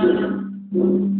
Thank you.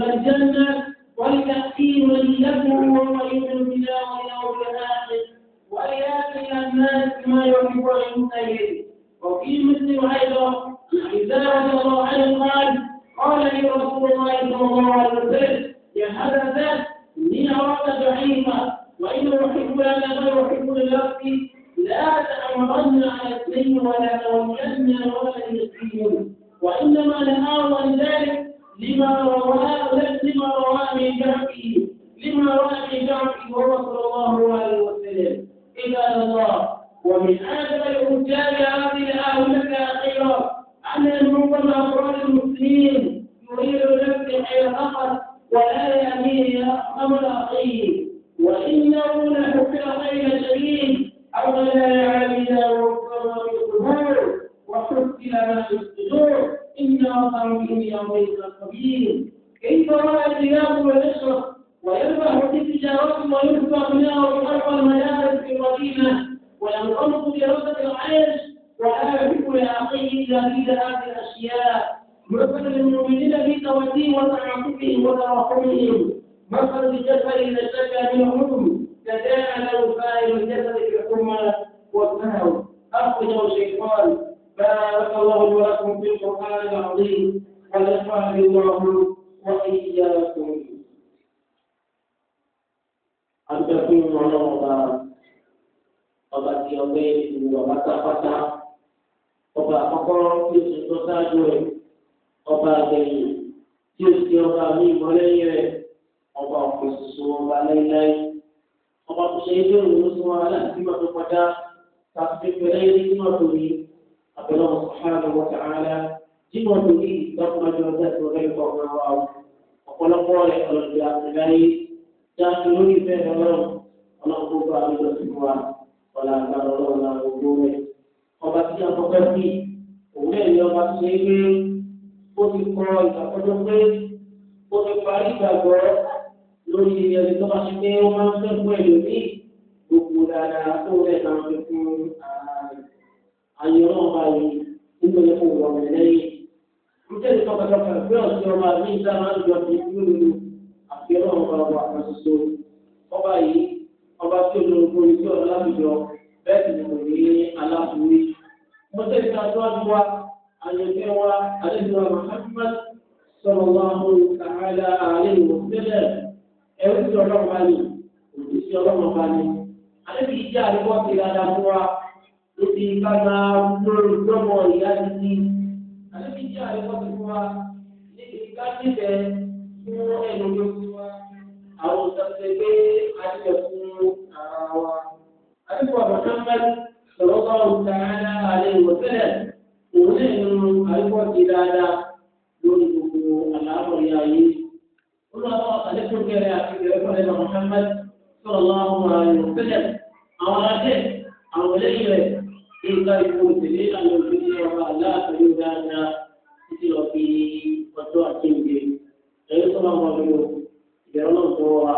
والجنة والتحكيم له ويؤمن بنا واليوم الآخر وليأتي الناس ما يحب أن وفي مسلم أيضا إذا رضي الله عنه قال قال لي رسول الله صلى الله عليه وسلم النار أخرج الشيطان بارك الله لكم في القرآن العظيم ونفعني الله وإياكم أن تكون الله ọba tí ọgbẹ́ ìwà pátápátá ọba àkọ́kọ́ tí o sì tó sáájú rẹ̀ ọba àgbẹ̀yìn tí o sì ọba mi ìmọ̀lẹ́yìn rẹ̀ ọba ọ̀pẹ̀ ṣoṣo ọba láíláí ọba tó ṣe ilé òun ló sún wa láti bímọ tó kọjá. تصديق غير جمعته أبلغ سبحانه وتعالى جمعته ثم جوزته غير الله وقال قال على الجاهلين جاهلوني في غيرهم ولا قوة إلا سواه ولا حول ولا قوة ọba tí a kọ́kọ́ bí òun ẹ̀ lọ bá ṣe pé ó ti kọ́ ìtàkọ́jọ́ pé ó ti parí ìgbàgbọ́ lórí ẹni tó bá ṣe pé ó máa ń fẹ́ fún ẹlòmíì gbogbo dáadáa tó rẹ̀ náà fi fún ayọ̀rọ̀ ọba yìí nínú ẹ̀kọ́ ìwọ̀n lẹ́yìn. Níjẹ́ ní tọkàtọkà pé ọ̀sẹ̀ ọba mi dá máa ń jọ sí lóru àfihàn ọba wa kan ṣoṣo. Ọba yìí ọba tí olórogún ojú ọ̀rọ̀ láwùjọ bẹ́ẹ̀ sì ni kò ní aláàbúrí. Mo jẹ́ ìta tó wájú wa, àyẹ̀fẹ́ wa, àlejò wa Muhammad sọ̀rọ̀ wa mo kàrà àlẹ́ ìwọ̀n àlejò ìjà àríwá ti dada múra lórí kága lórí lọ́mọ ìyá títí àlejò ìjà àríwá ti múra níbi ká níbẹ̀ fún ẹnu tó ti wá àwọn òṣèlú pé àtìlẹ̀ fún ara wa. àdìpọ̀ àbọ̀tánbẹ́lì sọ̀rọ̀ bá òǹtàrà àlẹ́ ìwọ̀sẹ̀lẹ̀ òun náà nínú àríwá ti dada lórí gbogbo àlàáfọ̀ ìyá yìí. olùwàbọ̀ àlejò kẹrẹ àti ìrẹ́pọ̀lẹ́ Muhammad sallallahu alaihi wasallam àwọn adé àwọn eléyìí rẹ̀ nígbà ìfò ìdílé ìlànà òfin ọba aláàfin dáadáa títí lọ fi ọjọ́ àkéǹde ẹ̀yọ́ tó máa wọlé o ìbẹ̀rù náà tó wá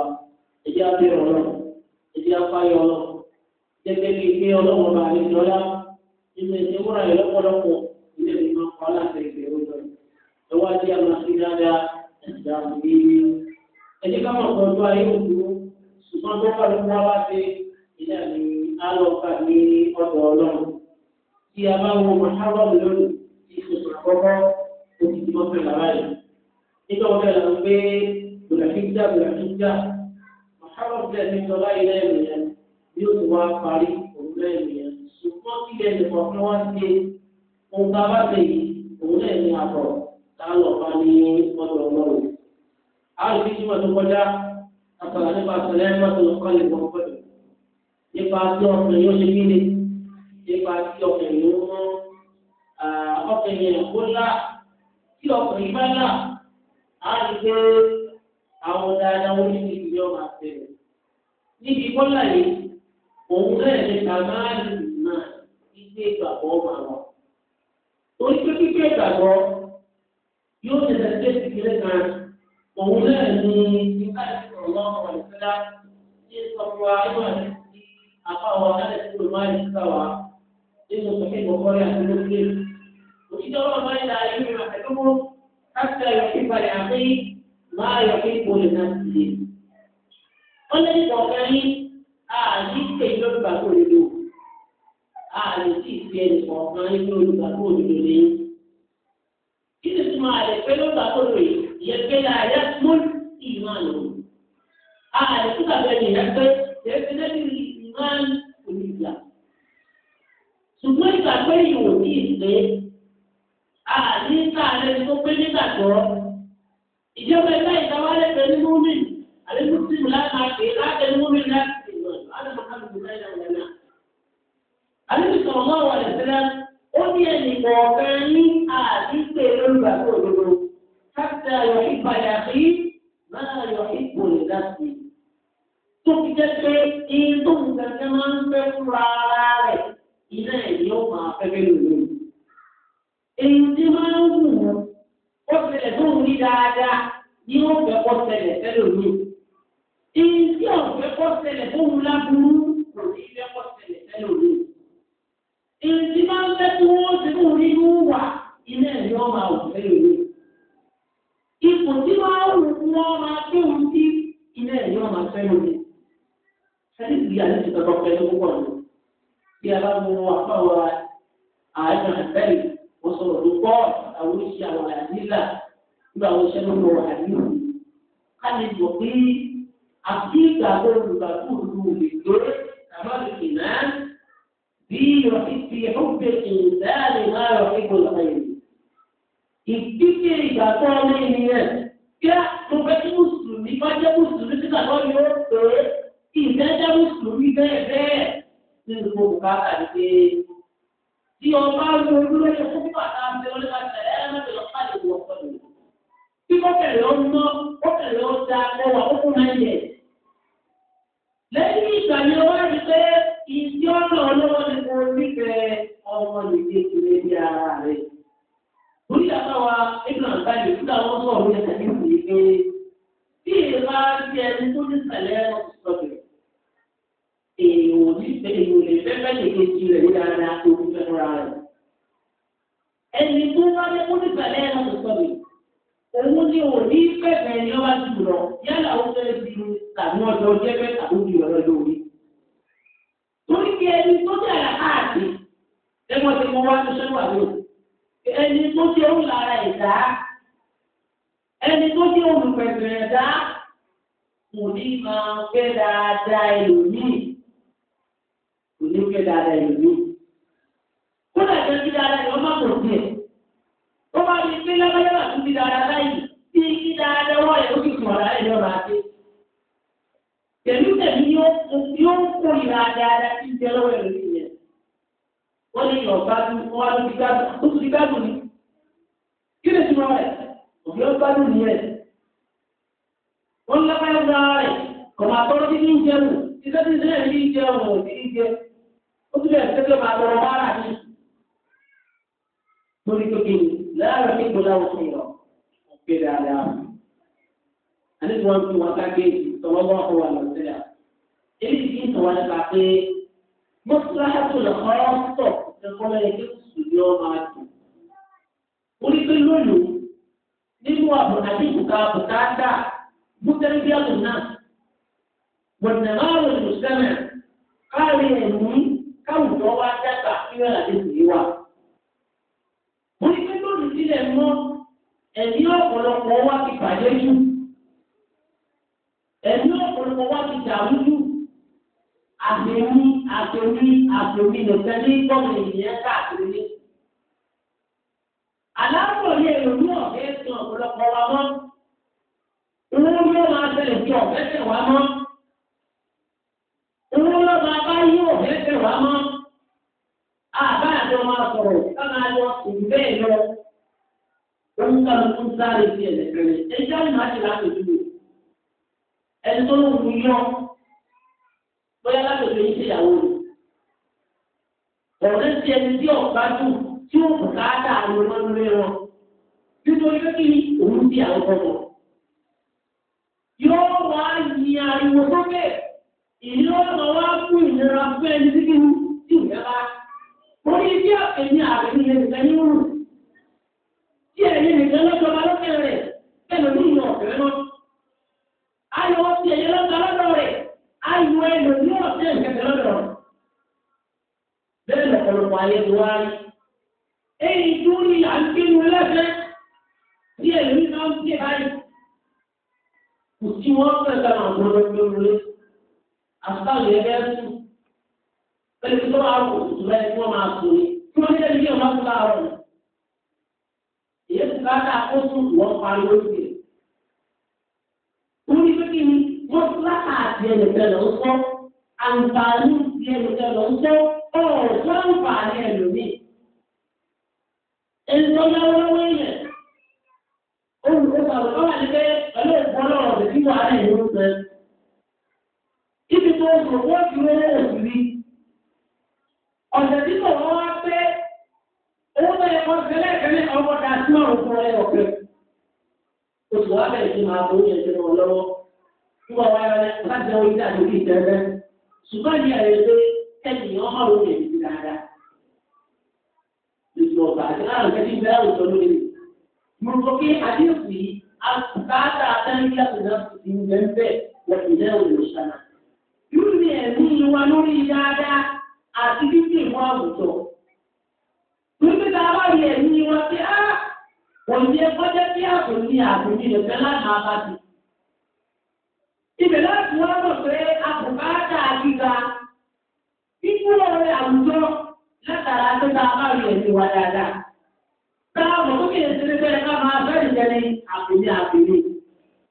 ẹjẹ́ abẹ́rẹ́ ọlọ́run ẹjẹ́ apáyọ ọlọ́run gẹ́gẹ́ bí ilé ọlọ́run ọba àlejòọ́lá nínú ẹ̀jẹ̀ wúrà ẹ̀ lọ́pọ̀lọpọ̀ ilé mi máa kọ́ aláṣẹ ìbẹ̀rù lọ ẹwà dí àwọn àti dáadáa ẹ̀dá àbúgbé ẹjẹ́ ká mọ̀ pọ̀ ọjọ́ ayé òkú ṣùgbọ́n tó wà lóko wá wá sí ìdá ni alọ́ka ní ọ̀dọ̀ ọlọ́run. Tí a bá wo Mọ̀hábọ̀bù lónìí, ìṣòṣò àkọ́kọ́ ó ti di mọ́kànlá báyìí. Nígbà wọ́n bẹ̀rẹ̀ lọ pé bùràkíjà bùràkíjà Mọ̀hábọ̀bù bẹ̀rẹ̀ ní sọ báyìí lẹ́yìn ìyẹn bí ó ti wá parí òun lẹ́yìn ìyẹn. Ṣùgbọ́n kí lẹ́yìn ìkọ̀ọ̀kan wá ṣe ohun tá a bá ṣe yìí, òun lẹ́yìn ni àbọ̀ tá a lọ́ọ̀ká ní ọ̀dọ̀ ọlọ́run. Àrùn tí nípa tí ọkùnrin yóò ṣe kí ni nípa tí ọkùnrin yóò mú ọkùnrin yẹn kó lá tí ọkùnrin bá là á rí pé àwọn dáadáa wọn ní ìdí ọmọ àtẹ̀wé níbi kọ́là yìí òun náà ní kàmáàlì náà ìgbé ìgbàgbọ́ máa wọ̀ torí pé pípé ìgbàgbọ́ yóò tẹ̀lé sí ìpínlẹ̀ kan òun náà ní ìgbàgbọ́ ọlọ́run ọ̀lẹ́sẹ̀lá ní ìsọ̀rọ̀ ayé wà àpáwọ̀ ẹ̀rẹ́ tí o máa ń sá wa nínú sọ̀kẹ́ ìgbọ̀kọ́rí àti lókè. Òṣìṣẹ́ ọlọ́run máa ń da ayé mi àti lóko káṣíà yọ̀kí balẹ̀ àti máa yọ̀kí bolè náà ti lè. Ó lé ní kọ̀ọ̀kan yín àní ìpè lórúkàgbò òdodo. Àní tí ìpè ẹnì kọ̀ọ̀kan yín lórúkàgbò òdodo ni. Kí ni tí máa lè pé lórúkàgbò òdodo yìí? Ìyẹn pé láyé mú ìmọ̀ àná. Àní tí kàbẹ̀ nìyẹn pé ṣèṣe lẹ́yìn ìmán onígbà ṣùgbọ́n ìgbà pé ìwò ní ìpè àní káàlẹ tó pé nígbàgbọ́ ìjọba ẹgbẹ́ ìdáwálẹ pẹ̀lú múmi àlékún sí mi láti máa pè láti ẹnu múmi láti pè wọn láti máa ká lùdú láì láì lẹ́nà. àlékún sọ̀rọ̀ mọ́ àwọn ẹ̀sẹ̀ ó ní ẹnì kọ̀ọ̀kan ní àní pé lórúkọ àti òdodo káàkiri àyọ̀ ìpàdé àti máa yọ̀ ìpò ìdásí tó fi jẹ́ pé iye tó ń gẹ̀gẹ́ máa ń fẹ́ fúnra ara rẹ̀ iná ẹ̀ ó máa fẹ́fẹ́ lòlò. èyí tí máa ń wù ú ó ṣẹlẹ̀ tó ń rí dáadáa ni ó fẹ́ kọ́ ṣẹlẹ̀ fẹ́ lòlò. èyí tí ó fẹ́ kọ́ ṣẹlẹ̀ tó ń láburú kò ní fẹ́ kọ́ ṣẹlẹ̀ fẹ́ lòlò. èyí tí máa ń fẹ́ tí wọ́n ti ń rí inú wà iná ẹ̀ ó máa wù fẹ́ lòlò. ipò tí máa ń wù wọ́n máa tó wù sí iná ẹ̀ ó máa fẹ́ lòlò hadisi yìí àti ìtọ́jọ́ pẹ̀lú púpọ̀ ni bí a bá mú apá wa àánú àbẹ́rẹ́ wọ́n sọ̀rọ̀ tó pọ̀ àwọn oṣìṣẹ́ àwọn àdílà nígbà àwọn oṣìṣẹ́ ló ń lọ àdílù ká lè mọ̀ pé àti ìgbà olùgbà kúrú lè lórí àmọ́ ìkìnnà bí ìrọ̀lẹ́ ti ọ̀gbẹ́ ìdáàlè máa rọ̀ nígbà lọ́wọ́ yìí. ìdíje ìgbàgbọ́ ọmọ ènìyàn kí á tó fẹ́ kí mùsùlùmí má jẹ́ mùsùlùmí tí ìdájọ́ mùsùlùmí bẹ́ẹ̀ bẹ́ẹ̀ nínú gbogbo káàkà ní pé tí ọba ló ń lọ sí fún bàtà àti ọlọ́dà tẹ̀lé ẹ̀rọ pàdé wọ̀ pẹ̀lú. tí kọ́kẹ̀lẹ́ ọ mọ́ kọ́kẹ̀lẹ́ ọ da ẹwà ó fún náà yẹ. lẹ́yìn ìgbà ni wọ́n rí pé ìdí ọ̀nà ọlọ́wọ́ ni mo nífẹ̀ẹ́ ọmọ nìyí kiri bí ara rẹ̀. orí àtàwà ẹgbẹ́ àgbáyé nígbà wọn sọ̀rọ̀ yẹn kàdé ìwé bí ìlà ti ẹni tó ní sẹ̀lẹ̀ ọ̀ èèyàn ò ní fẹ́ èèyàn ò lè fẹ́ fẹ́ẹ́ kejì rẹ̀ ní dáadáa tó fi fẹ́ fúnra rẹ̀. ẹni tó wá ní kó nígbà lẹ́yìn náà tó sọ̀rọ̀ òun ni ò ní fẹ́fẹ́ ni wọ́n ti rọ̀ yálà ó fẹ́ di tàbí ọjọ́ jẹ́fẹ́ tàbí ó ọ̀rọ̀ lórí. torí kí ẹni tó jẹ́ àkáàtì ẹgbẹ́ tí wá ní sẹ́wà lò ẹni tó jẹ́ òǹlara ẹ̀dá ẹni tó jẹ́ olùpẹ̀pẹ̀ ẹ̀dá kò ní máa fẹ́ dáadáa ẹlòmíì pé dáadáa yìí ló. Kódà jẹ́ kí dáadáa yìí wọ́n má pọ̀ sí ẹ̀. Ó bá rí pé lọ́wọ́lọ́wọ́ tún ti dáadáa báyìí tí kí dáadáa wọ́n yẹ ó sì sùn ọ̀rá ẹ̀ lọ́ba dé. Pẹ̀lú tẹ̀mí yóò kó ìlà dáadáa tí ń jẹ́ lọ́wọ́ ẹ̀ lórí yẹn. Wọ́n ní ọ̀gá wọn ló ti gbádùn ó ti gbádùn ni. Kí ni ìtumọ̀ rẹ̀? Òbí ó gbádùn ni rẹ̀. Wọ́n lọ́pàá ẹ̀ sílẹ̀ tẹ́tẹ́ máa tọrọ bára ní. lórí kékeré láàárọ̀ ní ìgbòlá òfin lọ òkè dáadáa. àní tí wọ́n fi wọn káké tọ̀wọ́ bọ́ ọkọ̀ wà lọ́sẹ̀lá. èyí ti ń tọ̀wọ́ nípa pé mọ́tíláṣà tó lọ ọ̀rọ̀ ń tọ̀ ẹ̀kọ́ lẹ́yìn kí sùdí ọmọ àti. orí pé lónìí nínú àbọ̀ àti bùkà bùkátà mùtẹ́rẹ́bíàmù náà wọ̀nàmáwò ìlú sẹ́mẹ̀ káàrí ẹ̀mí lọ wá dẹ́ta kí wọ́n àti ìlú wa. Mo ní pé lónìí sílẹ̀ mọ́ ẹ̀mí ọ̀pọ̀lọpọ̀ wá ti bàjẹ́ jù. Ẹ̀mí ọ̀pọ̀lọpọ̀ wá ti dàrú jù. Àtẹ̀mí àtẹ̀mí àtẹ̀mí nìkan ní gbọ́dọ̀ ìyẹn káàkiri ní. Àlàáfọ̀ ní èròmí ọ̀fẹ́ sọ ọ̀pọ̀lọpọ̀ wa mọ́. Owó yóò máa tẹ̀lé sí ọ̀fẹ́ tẹ̀ wá mọ́. àjọ máa sọ̀rọ̀ ká máa yọ òun bẹ́ẹ̀ lọ. Wọ́n ń ká lóko sáré sí ẹ̀sẹ̀ kẹrin. Ẹja ni màá ti láti dúró. Ẹni tó ń wù yọ. Bóyá láti òfin ṣe ìyàwó rẹ̀. Ọ̀rẹ́ ti ẹni tí ọ̀gá jù tí ó kù káàdà àwọn ọmọ lórí wọn. Nítorí pé kí òun di àwọn ọmọ. Yóò wá yin ariwo sókè. Ìlú ọ̀nà wa fún ìnira fún ẹni tí kí wù tí ò mo ní kí èmi àbẹ̀mí lè nìkan ní wúrù kí èmi nìkan lọ́jọba lọ́kẹ́ rẹ̀ bẹ́ẹ̀ lómi ìyàn ọ̀fẹ́ mọ́ ayọ̀ ti ẹ̀yẹ lọ́jọ́ lọ́dọ̀ rẹ̀ ayọ̀ ẹ̀ lómi ọ̀fẹ́ ìkẹ̀kẹ̀ lọ́dọ̀ bẹ́ẹ̀ lọ́pọ̀lọpọ̀ ayé ti wá rí èyí tó ní à ń gbénu lẹ́sẹ̀ tí èmi wọ́n fẹ́ àwọn ọmọ ẹgbẹ́ wọlé ẹgbẹ́ sùn pẹ̀lú tí wọ́n máa wò ìtura ẹni wọ́n máa sọ ni tí wọ́n nílẹ̀ níbi ọ̀ma tó láàárọ̀ ni. ìyẹn kò ká dáa kó tún wọ́n parí lóṣù rẹ̀. wọ́n ní pé kí ni wọ́n fúlákà àti ẹnìkan lọ sọ àǹfààní ti ẹnìkan lọ sọ ọ̀rọ̀ tó àǹfààní ẹlòmíì. ẹni tó yá lọ́wọ́ yẹn olùkópa ló wà ní pé pẹ̀lú ìfọ́nà ọ̀rọ̀ tí wàá rẹ̀ ló ń sẹ́. ibi tó ń sọ ti rẹ́ ọ̀sẹ̀ tí mò ń wá pé owó tó yẹ kó ṣe lẹ́ẹ̀kẹ́lẹ́ ọmọ dà sí ọ̀rùn fún ẹ ọ̀pẹ. oṣù wa bẹ̀rẹ̀ sí máa bọ́ oúnjẹ jẹ wọn lọ́wọ́ bí wọ́n wá rẹ láti ọwọ́ ilé àdókè ìtẹ́rẹ́ ṣùgbọ́n ní ẹ̀rẹ́ pé ẹnìyàn máa ló lè fi dáadáa. ètò ọ̀gá àti láàrín kẹ́kẹ́ ìgbẹ́ àwùjọ ló lè mú kó kí àdéhùn yìí àtàtà àtàlẹ́kíyà náà ti ń bẹ́ẹ̀ bẹ́ẹ̀ lọ́kùnrin àti bíbí ìwọ̀n àwùjọ. Wípé ta bá rí ẹ̀mí wọn pé á kò ní ẹgbọ́n jẹ́ kí ààbò ní ààbò ní ìrẹ̀fẹ́ láti máa bá ti. Ibẹ̀ láti wọ́n mọ̀ pé àbùkátà gíga kíkú ọ̀rẹ́ àwùjọ látara pé ta bá rí ẹ̀mí wa dáadáa. Táà mọ̀ kókè ìṣẹ́lẹ̀ bẹ́ẹ̀ ká máa bẹ́ẹ̀ jẹ́lẹ̀ ààbò ní ààbò ní.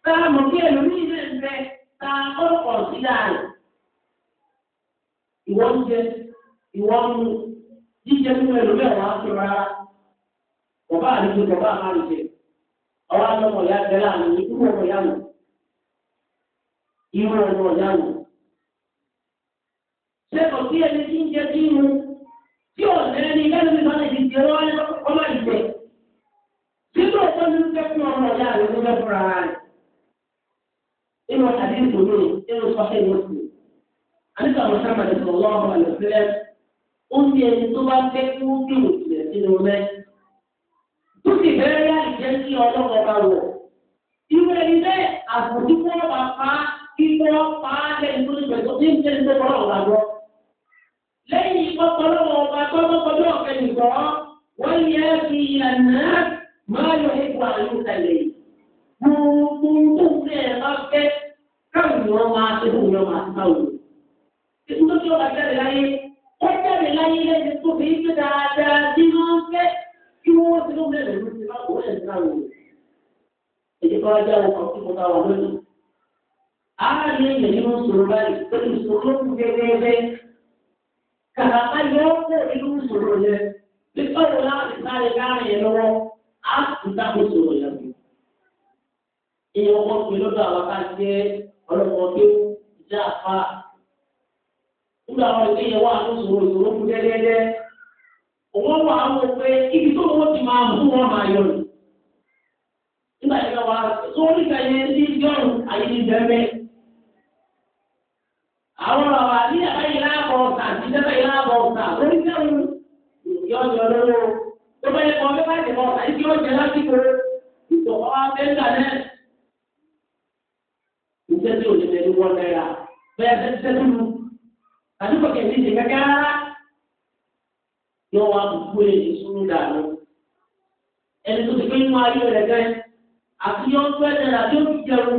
Táà mọ̀ kí ẹlòmíì náà ń bẹ ta ọ̀pọ̀ sílá rẹ̀. Ìwọ́n jẹ́ ìwọ́n mú jíjẹ nínú ẹlòmíì ọ̀wá ti rárá bàbá àdúgbò bàbá àmàlù jẹ ọwọ́ àlọ́mọ ìyá bẹ́ẹ̀ láàánú ọmọ ìyá nù irú ọmọ ìyá nù. ṣé kò sí ẹni tí ń jẹ sí inú tí ò lẹ́ni lẹ́nu mi sọ́nà ìdíje lọ́wọ́ ní ọmọ ìjẹ títí òkú ní fẹ́ fún ọmọ ìyá rẹ̀ ló fẹ́ fúnra rẹ̀. inú àdéhùn mi inú sọ́kẹ́ ìwọ̀n sí i. àdéhùn àwọn sábà ti sọ̀rọ̀ lọ́wọ́ ó ní ẹni tó bá fẹ́ kó dùn ìrẹ̀ sínú rẹ̀. tó sì bẹ́ẹ̀ yá ìjẹ́ sí ọlọ́run ọba wọ̀. irú ẹni bẹ́ẹ̀ àbòjú kọ́ ọba pa kí wọ́n pa á lẹ́yìn tó ní bẹ̀rẹ̀ ní bẹ̀rẹ̀ tó kọ́ ọ̀gá lọ. lẹ́yìn ọ̀pọ̀lọpọ̀ ọba tọ́lọ́pọ̀lọ́ ọ̀kẹ́ nìkan wọ́n yẹ kí ìyànná máa yọ ipò àlùkàlẹ̀ gbogbo tó ń fẹ́ ẹ ó jáde láyé lẹ́ni tó fi ń dáadáa tí wọ́n ń fẹ́ kí wọ́n ti ló mẹ́rin ló ti máa kó ẹ̀ ní àwọn òwe. èdè kan ajá wọn tí mo bá wà lónìí. àárín èèyàn ni wọ́n sọ̀rọ̀ báyìí pẹ̀lú ìṣòro ló kù gẹ́gẹ́gẹ́. kàkàkà yọ ọ́ pọ̀ nínú ìṣòro yẹn bí ọ̀rọ̀ láti sáré láàrin yẹn lọ́wọ́ á sì dáhùn ìṣòro yẹn. èèyàn wọn pè lọ́dọ̀ àwọn ká nígbà àwọn ìpín yẹn wà tó sòrò sòrò kú dẹ́dẹ́dẹ́ òun wà á wọ ibi tó wọ́n ti máa mú wọn máa yọ lù nígbà yẹn wà tó nígbà yẹn ti yọrùn àyè àwọn ọ̀rọ̀ àbí àbáyé láàbọ̀ ọ̀sà àti ìjẹ́bẹ̀yẹ lórí sẹ́wọ̀n lọ́wọ́ tó bá yẹ kọ́ bẹ́ẹ̀ bá yẹ kọ́ yìí kí jẹ àti kọ̀kẹ́ ní ìdè kẹ́kẹ́ rárá yóò wá gbogbo lè ní sùúrù dànù ẹni tó ti pé nínú ayé rẹ̀ gẹ́ àti yọ ń fẹ́ náírà tí ó fi jẹun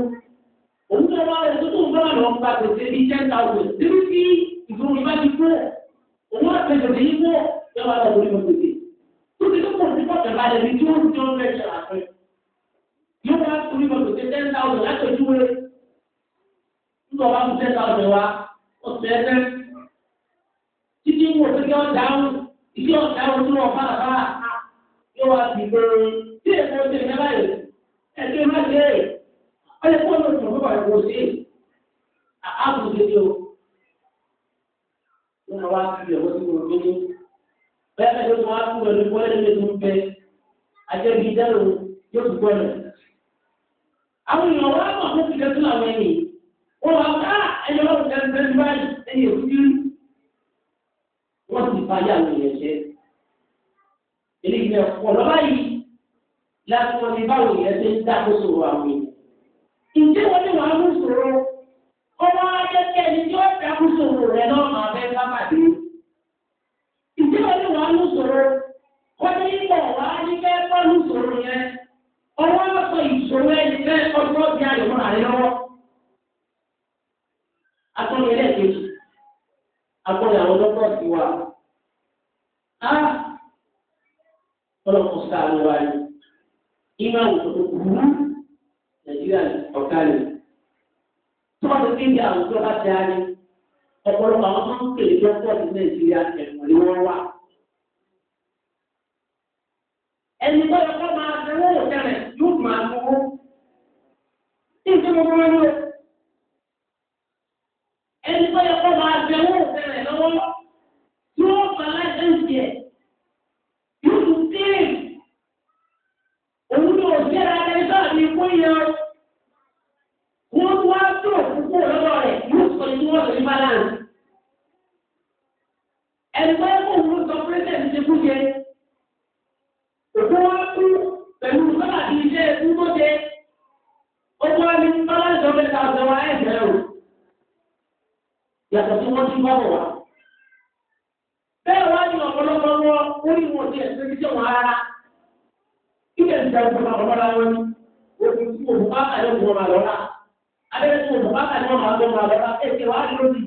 òun tó wá rẹ̀ tó tó ń bá lọ gba gbèsè bíi ten thousand three sí ìfowópamọ́ ìbá ti kú òun wá pèsè sí ikú yóò wá lọ wọlé lọ gbèsè tó ti tó pọ̀ sí pọ̀tẹ̀ balẹ̀ ní tí ó ń jọ ń fẹ́ ṣe àfẹ́ yóò wá wọlé lọ gbèsè ten thousand látọ̀jú wẹ́ nígbà wá fún ten thousand wa ó ti ẹ tí wọ́n dáhùn ìdí wọ́n dáhùn tí wọ́n bá bá yóò wá sí gbèrè tí èkó ti ní báyìí ẹ̀jẹ̀ má ṣe é ọ̀yẹ́ kó ló tún bọ̀ ẹ̀kọ́ sí àbùkù tètè o. wọ́n wá sí ìyẹ̀wò tí mo gbé ní bẹ́ẹ̀ bẹ́ẹ̀ tó wá sí ìwẹ̀lú bọ́ẹ̀ lè tún bẹ ajẹ́bí dẹ́rù yóò tún gbọ́nà. àwọn èèyàn wá mọ̀ fún ìdẹ́tún àwọn ẹ̀yìn wọ́n wá bá ẹ̀yọ́ wọ́n ti fa yá àwọn èèyàn jẹ́. eléyìí náà ọ̀nà báyìí láti wọn ní báwo èèyàn ṣe ń dákóso àwọn èèyàn. ǹjẹ́ wọ́n ní wàá mú ìṣòro inú àwùjọ tó kù wú nàìjíríà ọ̀gá rẹ̀. tó bá ti fi ń bí àwùjọ bá ti ari ọ̀pọ̀lọpọ̀ àwọn tó ń kéde tó pọ̀ sí nàìjíríà ẹ̀wọ̀n ni wọ́n wà. ẹni tó yẹ kó máa fi owó òkè yóò máa fi owó. tí ìjọba wọn ló ní ẹsẹ̀ ní jẹun rárá ilé ìjà ìjọba ọlọ́lá wọn ni òkú tí òkú bá kà yóò wọn lọ́la alẹ́ tí òkú bá kà yóò wọn lọ́la ẹsẹ̀ wá lórí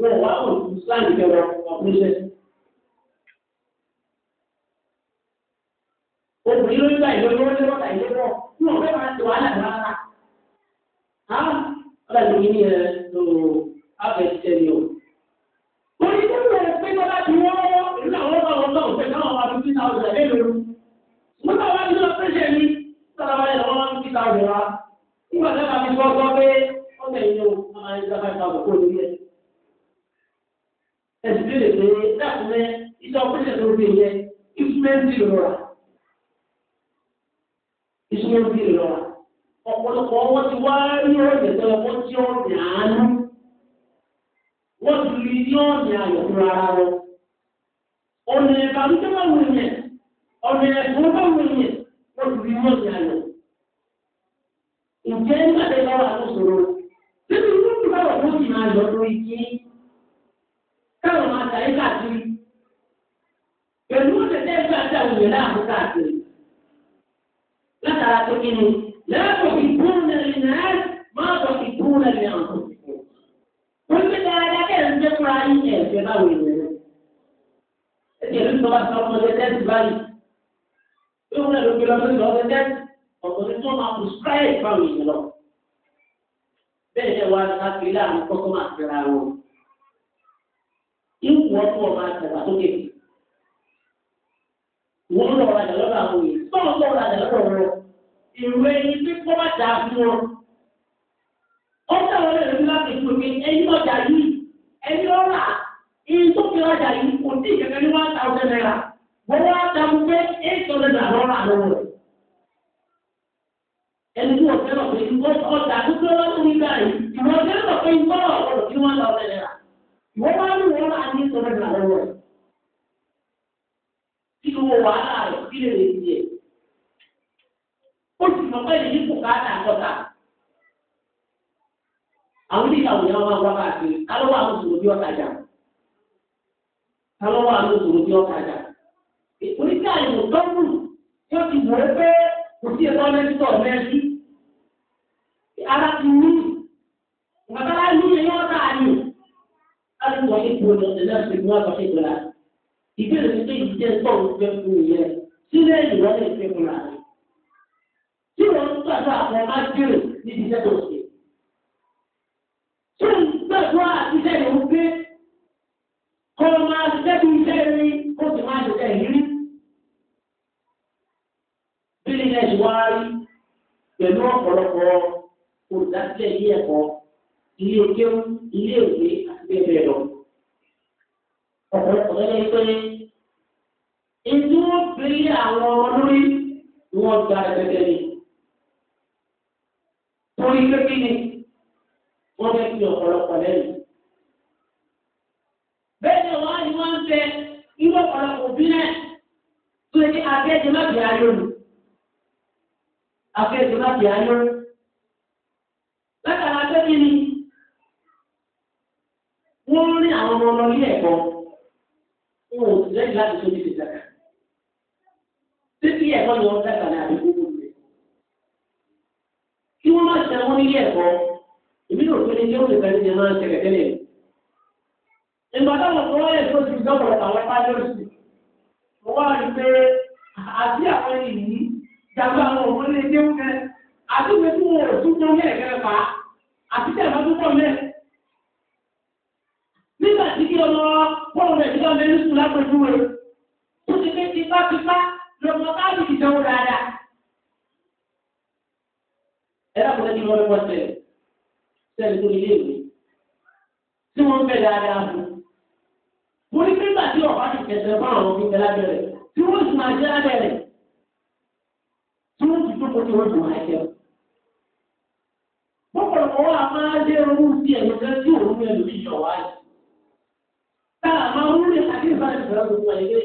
wọn wá òkú sáàlì kẹwàá ọ̀pọ̀lọpọ̀ obìnrin ló ń gbà ìlú lọ́wọ́ lọ́wọ́ ta ìlú lọ́wọ́ tí wọ́n fẹ́ máa ti wàhálà rárá. ọ̀la ìlú yìí ẹ̀ ló abẹ́ ti tẹ̀lé o. wọ́n ní kí wọ́n pé bọ́lá ti wọ́n ìlú àwọn ọmọ ọmọ ọ̀fẹ́ náà thousand lẹ́nu. Mo náà wá nínú ọ̀pẹ́sẹ̀ mi, sára wáyé lọ́wọ́ máa ń fi ta ọ̀rọ̀ wa. Nígbà tí a fi gbọ́ pé ọmọ ẹ̀yìn o, wọ́n máa ń gba five thousand kó lórí ẹ̀. Ẹ̀sìn bí lè pé dákúnmẹ́ iṣẹ́ ọ̀pẹ́sẹ̀ tó gbé yẹ ìsúmẹ́ntì lọ́ra. Ìsúmẹ́ntì lọ́ra. Ọ̀pọ̀lọpọ̀ wọn ti wá rí ọ̀rẹ́ tẹ́lẹ̀ wọ́n ti ọ̀rẹ́ àánú. Wọ́n ti rí ní ọ̀rẹ́ àyọ̀kúra ara wọn ọ̀nà ìbànújẹ́ bá wù yẹn ọ̀nà ẹ̀sùn bá wù yẹn lọ́dún yóò yà lọ. ǹjẹ́ nígbà tí wọ́n wà ló sọ̀rọ̀ nínú ìlú tí wọ́n wà ló sì máa yọ lórí kí káwọn máa tà í káàkiri pẹ̀lú ọ̀dẹ̀dẹ̀ ẹgbẹ́ àti àwọn èèyàn láàbù káàkiri látara tó kí ni lẹ́ẹ̀kọ́ ìgbóhùn sọ́wọ́ àti ọmọ ṣe tẹ́sì báyìí bí wọ́n lè lókè lọ́sọ̀rọ̀ lọ́wọ́ ṣe tẹ́sì ọ̀pọ̀lọpọ̀ tó máa kù skype fáwọn èèyàn lọ. bẹ́ẹ̀ ni wàá ta fi láàrin kọ́kọ́ máa fẹ́ra wọn. ikú ọkọ̀ máa tẹ̀wá sókè. wọ́n lọ rajà lọ́dọ̀ àwọn èèyàn tọ́lọ̀ tó rajà lọ́dọ̀ wọn. ìwé ni pé kọ́ bá dà fún wọn. ó tẹ̀wọ́ lẹ́nu láti fún mi ẹ̀yin ọjà yìí ẹ̀yin ọ̀rà ìtò fi ọjà yìí kò tí ìkẹ̀kẹ́ ní one thousand naira wọ́n wá ta mú pé eight hundred naira lọ́rọ̀ àlọ́ rẹ̀. ẹni tí wọ́n fẹ́ lọ pé ìwọ ọjà tó fẹ́ wá fún ìgbà yìí ìwọ fẹ́ lọ pé ìwọ ọ̀rọ̀ kí one thousand naira ìwọ wá ní wọ́n máa ní eight hundred naira lọ́rọ̀ rẹ̀. kí ló wọ wàhálà rẹ̀ kí lè lè tiẹ̀. ó sì mọ̀ pé èyí kò ká dà àwọn oníkàwé yẹn wọ́n máa wá káàkiri alówó àwọn sòwò bí ọ̀tajà táwọn wà ní tí wọ́n kájà. oníkà ìmọ̀ tọ́kù tí ti wọ̀ ẹ́ pé kò sí ẹ̀kọ́ mẹ́títọ̀ mẹ́tí. ara ti wú. bàbá wa ní ilé wọn náà ni. wọ̀ ní ìgbòho lọ́sẹ̀ náà ṣe wọ́n àbáṣe gbọ́dá. ìbéèrè ti pé ìdíjẹ́ tọ́wọ́ fẹ́ fún ìyẹn. sílẹ̀ ìwọ́lẹ̀ ìfẹ́ fúnra rẹ̀. tí wọ́n ń gbàgbọ́ àwọn máa jèrè níbi tó ṣe. tí wọ́n gbàgbọ́ àtijọ́ ìwọ́n gbé kọ́ wá rí pẹ̀lú ọ̀pọ̀lọpọ̀ olùdásílẹ̀ ilé ẹ̀kọ́ ilé okéwú ilé ìwé àti bẹ́ẹ̀ bẹ́ẹ̀ lọ. ọ̀pọ̀lọpọ̀ lọ́jọ́ pé ìdí wọ́n fi àwọn ọmọ lórí ni wọ́n gba ẹgbẹ́gbẹ́ ni. torí pé kí ni wọ́n fẹ́ fi ọ̀pọ̀lọpọ̀ lẹ́nu. bẹ́ẹ̀ ni wọ́n á ní wọ́n ń fẹ́ irú ọ̀pọ̀lọpọ̀ bí náà tó ṣe abẹ́jẹ́ má bẹ̀rẹ̀ lónìí akéde láti ayọ́ látara pẹ́kí ni wọ́n rí àwọn ọmọ ọlọ́ ilé ẹ̀kọ́ wọn ò sì lẹ́yìn láti tóbi ti dàgbà títí ẹ̀kọ́ ni wọ́n dàgbà ní àdúgbò gbogbo kí wọ́n má ṣe àwọn ilé ẹ̀kọ́ èmi náà tó ní kí wọ́n lè fẹ́ ní máa ń tẹ̀lé tẹ́lẹ̀ ìgbà táwọn tó wáyé tó ti dọ́kọ̀ọ́ àwọn ẹ̀fá yọ̀ọ̀sì mo ìjàgbá àwọn ọmọ ilé ẹgbẹ́ wọn kẹrẹ àti ìwé tí wọn ò tún tán ní ẹ̀kẹ́rẹ́ fà á àti tẹ̀ wọ́n tún pọ̀ mẹ́. nígbà tí kí ọmọ pọ́ùn rẹ̀ nígbà mẹ́rin sùn lápẹ̀jú rẹ̀ tó ti pé tipátipá lọ́mọ káàdì ìjọwọ́ dáadáa. ẹ dákun lẹ́ni wọ́n lọ́wọ́ sẹ́yìn tó ilé ìwé tí wọ́n ń bẹ̀ dáadáa fún. mo ní pé nígbà tí ọ̀pá ti kẹsẹ̀ fún àwọn òbí jókòó tí wọ́n jù máa jẹun. Bọ́pọ̀lọpọ̀ wa máa lé owó sí ẹ̀yọ́ kan tí òun mú ẹlòmí yọ wá yìí. Tá a máa wúlò àti ìbára ìbára gbogbo ẹ̀yẹ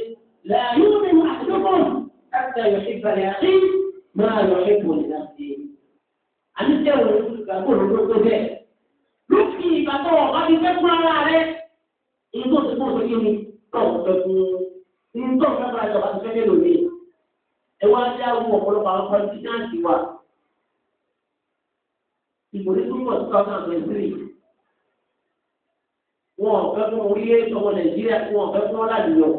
làyún mi wà lọ́gbọ̀n láti ayọ̀ ìbàlẹ̀ àti máa yọ ẹ̀kọ́ ẹ wá dá ohun ọ̀pọ̀lọpọ̀ àwọn pọlitíkáǹtì wa ìbò ní two point two thousand and twenty-three wọn ò fẹ́ fún orílẹ̀-èdè ọmọ nàìjíríà wọn ò fẹ́ fún ọ̀làdìyọ.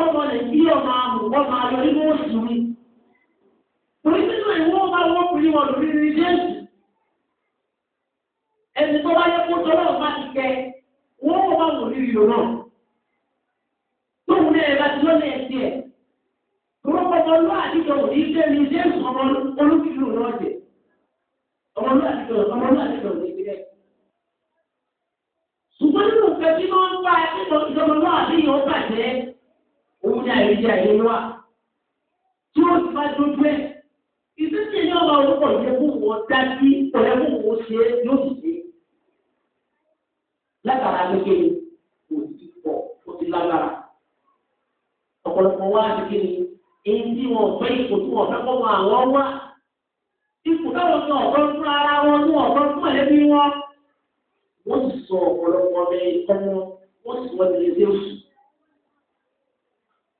ọmọ nàìjíríà máa mú wọn máa lọ nínú oṣù mi torí nínú ìwọ́n máa wọ́n pèlú wọn lórí ní jésù ẹni tó bá yẹ kó tọ́lọ́ bá ti kẹ wọ́n máa wò ní ìlú náà tóun náà ẹ̀ bá ti lọ́lẹ̀ ẹ̀ tiẹ̀ ọmọlúwà àdìjọ wò ní ilé ní ilé ọmọ olúkìlú náà jẹ ọmọlúwà àdìjọ ọmọlúwà àdìjọ ní ilé. ṣùgbọ́n nínú kẹjí máa ń bá ẹgbẹ́ ìjọmọlúwà àdìjọ bàjẹ́ òun ní àìríjẹ àìríwá tí ó ti bá dojú ẹ̀ ìsísè ní ọmọ orúkọ yẹ kó wọ́n dá sí ọ̀rẹ́ kó wọ́n ṣe yóò sì ṣe látara gbẹgbẹ òtítọ́ òtítọ́ lágbára ọ̀pọ̀lọpọ̀ wá àdìjẹ́ ni èyí tí wọn fẹ́ ipò tí wọn fẹ́ kọ́ mọ àwọn wá ipò táwọn ní ọ̀tọ̀ fún ara wọn ní ọ̀tọ̀ fún ẹbí wọn wọ́n sì sọ ọ̀pọ̀lọpọ̀ ọmọ ẹ̀kọ́ wọn sì wọ́n ti lè dé oṣù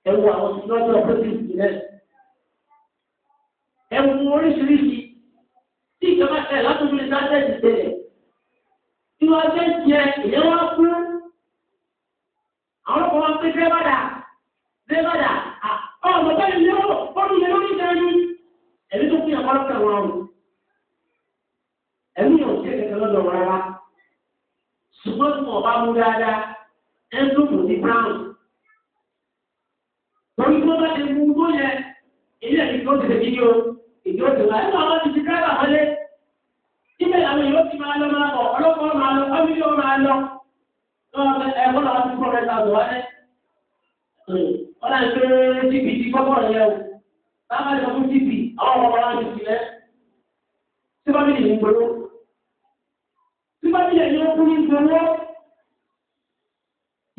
ẹ wo àwọn tí wọ́n lọ pẹ́ẹ́lí ìpínlẹ̀ ẹ wo oríṣiríṣi tí ìjọba ẹ̀ látọ̀dún ìdá tẹ̀sí tẹ̀lẹ̀ tí wọ́n fẹ́ jẹ ìyẹn wọn kú àwọn ọkọ̀ wọn pé dẹ́bàdà dẹ́bàdà ọmọ báyìí ni ọ̀rọ̀ ọdún yẹn lórí ìjà ẹni ẹni tó fi àwọn ọ̀rọ̀ wọn ọ̀rọ̀ ẹni yóò ṣe kẹkẹ lọ́dọ̀ wọn rárá ṣùgbọ́n tí wọ́n bá mú dáadáa ẹni tó mú ní brown torí tó bá ti mú tó yẹ ilé ẹni tó ti tẹ̀lé o ìjọ ti wá ẹnu àwọn ti ti dábà wọlé ibẹ̀ làwọn yóò ti máa lọ máa wọ́n náà pé jìbìtì kọ́kọ́rọ̀ yẹ o báwa lè fún jìbì àwọn ọmọ wa ti sílẹ̀ tí bá bìlì ń gbowó tí bá bìlì ẹ̀yìn ọkùnrin ń gbowó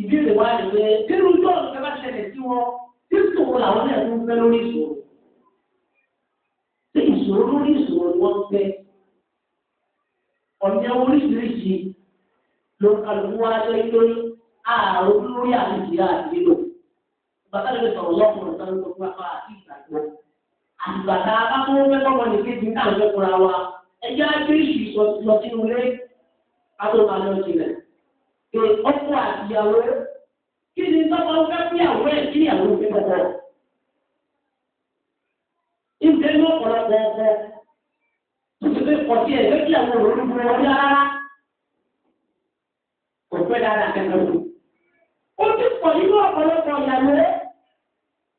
ìbéèrè wa ni pé nínú tó ọ̀sẹ̀ bá ṣẹlẹ̀ sí wọn tí sòwò làwọn náà ń fẹ́ lórí ìṣòro tí ìṣòro lórí ìṣòro ni wọ́n fẹ́ ọ̀nà oríṣiríṣi ló kàlùkù wa lórí lórí ààrùn lórí àlejò àti lílo bàtà lè sọ̀rọ̀ lọ́kùn nǹkan tó fún apá àti ìgbàgbọ́. àgbàtà akọ́wọ́ mẹ́fọ́ wọn ní kéjì náà ló kura wa ẹjẹ́ àgbéṣì lọ sínú ilé àtọ́nà lọ sílẹ̀. pé ọkọ àtìyàwó kí ni tọ́kọ fẹ́ fún ìyàwó ẹ̀ kí ìyàwó fi kọ̀kọ́. ìgbẹ́ ní ọ̀pọ̀lọpọ̀ ọkọ̀ tó ti fẹ́ kọ̀ sí ẹ̀ fẹ́ kí ìyàwó rẹ̀ ló wọlé rárá. kò fẹ́ dáadáa kẹ́kẹ́ ó ti pọ̀ nínú ọ̀pọ̀lọpọ̀ ìyàwó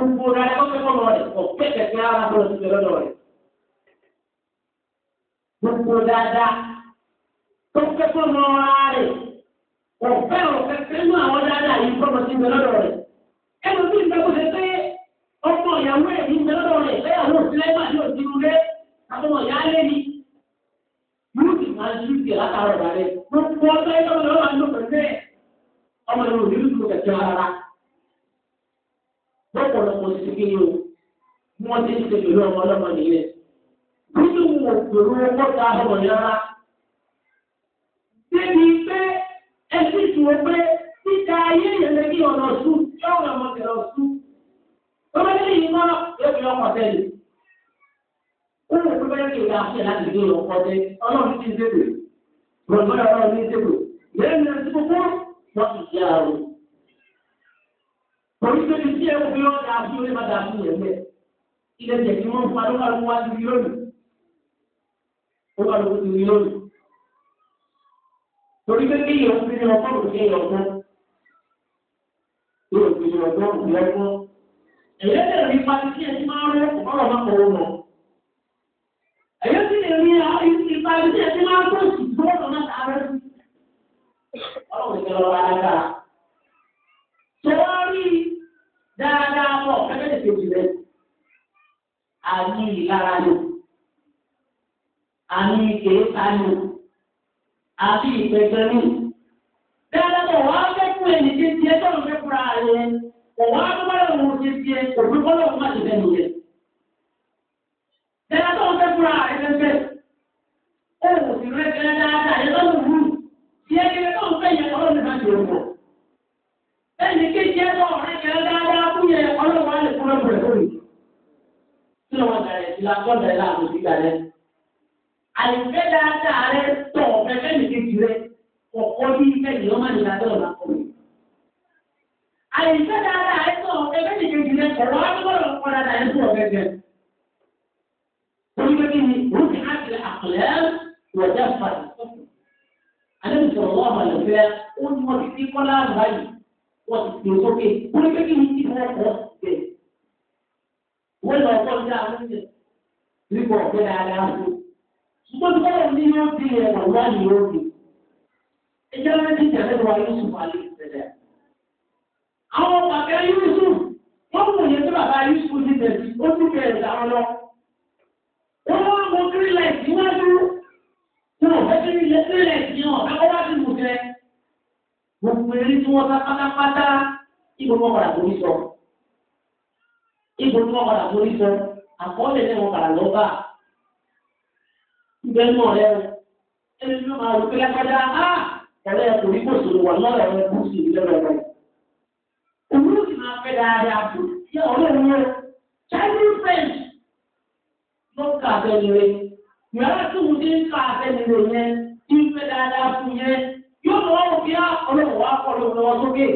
gbogbo ra ẹ kọ́kẹ́ kọ́ lọ́ọ̀rẹ́ ọ̀pẹ́ kẹ̀kẹ́ ara bọ̀rọ̀ ti bẹ̀rẹ̀ lọ́ọ̀rẹ́. gbogbo dáadáa kọ́kẹ́ kọ́ lọ́ọ̀rẹ́ rẹ̀ ọ̀pẹ́ ọ̀pẹ́ pẹ̀lú àwọn dáadáa yìí bọ̀rọ̀ ti bẹ̀rẹ̀ lọ́ọ̀rẹ́. ẹnu bí nǹkan kò ṣe pé ọmọ ìyàwó ẹ̀ ní bẹ̀rẹ̀ lọ́ọ̀rẹ́ ìgbéyàwó òsínlẹ̀ máa ní òsínú rẹ̀ àtọmọ ìyá alẹ́ ni yóò sì máa ṣú ìgbé látara ọ̀rẹ́ gbogbo ọjọ́ ìjọba lọ́wọ́ àlọ́ pẹ̀lú ọmọ ìlú ìlú lọ́pọ̀lọpọ̀ sí kí ni o bí wọ́n ti ń ṣe pẹ̀lú ọmọ ọlọ́mọ nìyẹn nínú wọn pẹ̀lú ọmọ ta ọmọ yàrá débi pé ẹsẹ̀ tí wọ́n pé títa ayé yẹn lè kí ọ̀nà sùn yọ ọ̀nà ọmọ kẹrẹ sùn ọmọ kẹrẹ yìí mọ́ yóò fi ọkọ̀ tẹ́lẹ̀ ó lè fi bẹ́ẹ̀ kí ìyá ṣe láti gbé ọkọ̀ tẹ́ ọlọ́run ti ń débò rọ̀gbọ́n ọlọ́run ti ń débò yẹ́n ní ẹni tí torí pé ní tí ẹ fi ọ́ da sí orí padà sí ìyẹn bẹ́ẹ̀ ilẹ̀ jẹ̀ kí wọ́n fa lóka lówó wájú rí lónìí lóka lówó ti rí lónìí torí pé kí ìyẹn fi ní ọgọ́rùn-ún ní ọgbọ́n yóò fi ní ọgọ́rùn-ún ní ọgbọ́n ẹ̀yẹ́ lè rí pàtí kí ẹ ti máa rẹ́ ọ̀rọ̀ máa kọ̀ ọ́ ẹ̀yẹ́ sì lè rí ìpàdé tí ẹ ti máa tó ìgbọ́n ọ̀rọ̀ ìjọba dáadáa pọ̀ kẹ́kẹ́ kejì rẹ̀ àmì ìlara lò àmì ìkéka lò àti ìpẹ̀tẹ̀ lò dáadáa pọ̀ wá fẹ́kù ẹni tí tiẹ̀ tó ń fẹ́ fura rẹ̀ kò wá gbọ́dọ̀ wò ti tiẹ̀ kò fi gbọ́dọ̀ wò má ti fẹ́ nìyẹn. dáadáa tó ń fẹ́ fura rẹ̀ fẹ́fẹ́ ó wò sí rẹ̀ kẹ́lẹ́ dáadáa yẹn tó ń wù tiẹ̀ kẹ́lẹ́ tó ń fẹ́ yẹn kọ́ ló ń fẹ́ yẹn wọ̀ ẹnì tó ń rẹ̀ kẹ́lẹ́ dáadáa yẹ ọlọ́wọ́ alẹ́ fún ọ̀rọ̀ rẹ̀ lórí. Kí ló wọn bẹ̀rẹ̀ sí lakọ́dà ẹ̀ láàbò sí ìgbàlẹ̀? Àyùfẹ́ dáadáa rẹ̀ tọ̀ fẹ́fẹ́ mi kejì rẹ̀ kọ̀kọ́ bí ìfẹ́ ni ọmọ ìlà tó ọ̀la kọ̀ mi. Àyùfẹ́ dáadáa rẹ̀ tọ̀ fẹ́fẹ́ mi kejì rẹ̀ kọ̀rọ̀ wá tó bọ̀rọ̀ kọ́ dáadáa ẹ̀ tó ọ̀fẹ́ jẹ. Orí bẹ́ẹ̀ ni Rúbì Ákìlẹ̀ Àkùlẹ̀ Rọ̀jà Fàdí. Àlẹ́ mi sọ̀rọ̀ wọ́n àmàlẹ́ fẹ́ ó ní wọ́n ti kọ́lá àgbáyé wọ́n ti pè sókè wọ́n ní kékeré yìí ti fẹ́ kọ́ wọ́n lọ kọ́ ní àwọn oúnjẹ nípa ọ̀gbẹ́ dáadáa fún. ṣùgbọ́n tí wọ́n ní yóò di ẹ̀rọ wá ní yóò di. ẹjẹ́ wọn ti tẹ̀lé wa Yusuf alẹ́ ìfẹ́lẹ́. àwọn bàbá Yusuf wọ́n mú yẹn tó bàbá wọ́n wá mọ kírílẹ̀ ìwájú. wọn ò fẹ́ kírílẹ̀ kírílẹ̀ ìyẹn ọ̀ gbogbo eré tí wọ́n sá pátápátá ibo ni wọ́n padà borí sọ ibo ni wọ́n padà borí sọ àkọọ́lẹ̀ náà wọ́n padà lọ bá ibẹ̀ náà rẹ ẹni ló máa rò pé lápájá á kẹlẹ́ kò rí kò sòrò wà lọ́rẹ̀ rẹ kú sí ìlú rẹ rẹ òun ló sì máa fẹ́ dáadáa fún yẹ ọlọ́run rẹ chinese French, ló ń kà abẹ́ni rẹ yàrá tó ń dé ń kà abẹ́ni rẹ yẹn dáadáa fún yẹn yóò mọ ọ́n fi á ọlọ́run wá kọ́ ló lọ́wọ́ sókè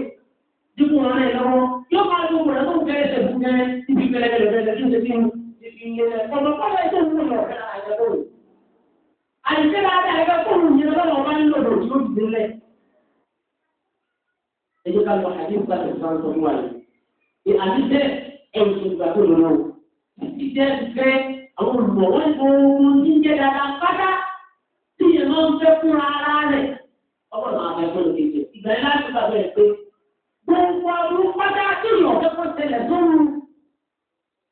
dípò wọn náà lọ́wọ́ yóò máa lo òkúra tó ń bẹ̀rẹ̀ ṣe fún yẹn ibi bẹ̀rẹ̀ bẹ̀rẹ̀ bẹ̀rẹ̀ tó ń ṣe fún yẹn ọ̀nà pọ́lá ètò ìwúlò lọ fẹ́ àyẹ̀wò àyíké dáadáa ẹgbẹ́ fóònù yẹn lọ́wọ́ máa ń lò lò tí ó ti délẹ̀. ẹ jẹ́ ká lọ àdé ìgbà tó bá ń sọ wà ní àdíjẹ́ ẹ̀rù ìgbà tó lọ lọ́wọ́ àdíjẹ́ fẹ́ dáadáa pátá tí yẹn máa ń fẹ́ fúnra ara rẹ̀ ọgbọ́dọ̀ láti gbà bẹ̀rẹ̀ pé gbogbo ọdún pátá tí yóò kẹ́kọ̀ọ́ tẹ̀lẹ̀ sóru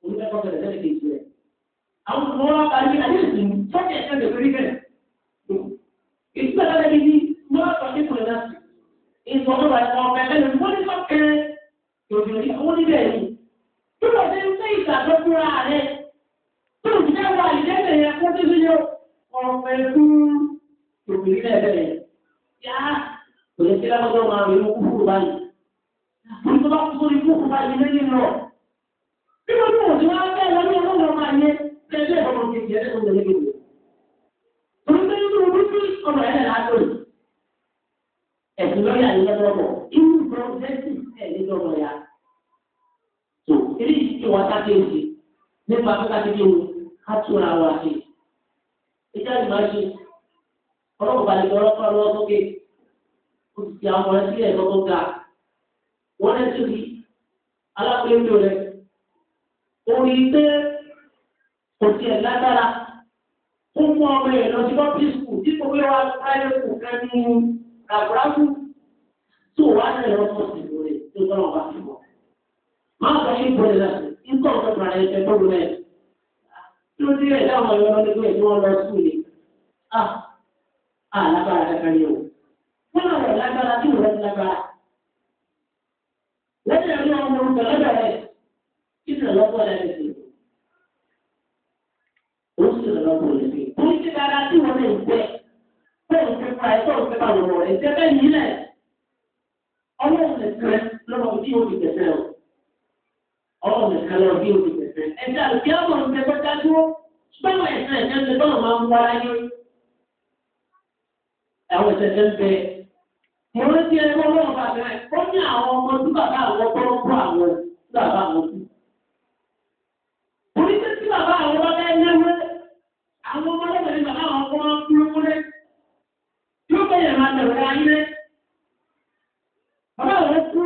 òun kẹ́kọ̀ọ́ tẹ̀lẹ̀ tẹ̀lẹ̀ kejì rẹ̀ àwọn ọmọ wa bá yí ayé ìsìn sọ́kẹ̀ ẹ̀ṣẹ̀ lè rí bẹ́ẹ̀ ìgbà tẹ̀lẹ̀ kejì lọ́wọ́ sọ Ya, boleh kira kau tahu malam ini kufur balik. Kau itu kufur balik ini loh. Kita tu mesti ada lagi yang orang main Jadi orang mungkin jadi orang gitu. Sebentar itu mesti orang ada lagi. Eh, sudah ini apa? Ini proses ini orang ya. So, ini cuaca tinggi. Ini maksud kata kita, hati orang Kita masih ọlọ́run bá lè lọ ọlọ́pàá lọ́wọ́ sókè ó ti ti àwọn ọ̀rẹ́ sílẹ̀ lọ́kọ́ ga wọ́n lẹ́ sí alápèjọ rẹ̀ orí pé kò tiẹ̀ lágbára ó mú ọmọ ẹ̀ lọ sí bọ́pí skul dípò pé wàá láyé kù kẹ́nu kàbúrákù tó wàá lè lọ́kọ̀ sí lórí tó tọ́lọ̀ wá sí bọ́. máa bá yín bọ̀lẹ̀ láti ikọ̀ ọ̀sẹ̀ fúnra ẹ̀ fẹ́ bọ́ọ̀lù náà kí ló dé ẹ̀dá àwọn ọ̀yọ́ lọ́dún alágbára ah, kankan o wọn náà rẹ lágbára tí wọn lágbára wọn náà ọmọ orúkọ lọ́dọ̀ rẹ kí ni ọlọpọ rẹ lè fi sì lọ lọpọ rẹ fi o ní kíkara tí wọn lè gbẹ bẹ́ẹ̀ ní pípa ẹ tó ń pípa lọ́wọ́ rẹ bẹ́ẹ̀ yìí lẹ Ọlọ́run ti tẹsẹ̀ o Ọlọ́run nìkan lọ́wọ́ tí o ti tẹsẹ̀ ẹ ti àlùkí àbọ̀ ń tẹ ti báwọn máa ń wá àwọn ìṣẹ̀lẹ̀ ń bẹ. Mo rántí ẹni wọ́n lọ́wọ́ bàbá rẹ̀, ó ní àwọn ọmọ tí bàbá àwọn tó ń bọ́ àwọn tí bàbá àwọn kú. Orí tí bàbá àwọn bá bẹ́ẹ̀ léwé, àwọn ọmọ lọ́wọ́ ni bàbá àwọn kọ́ máa kú lówó rẹ̀. Yóò bẹ̀yẹ̀ máa tẹ̀wé ayé rẹ̀. Bàbá àwọn kú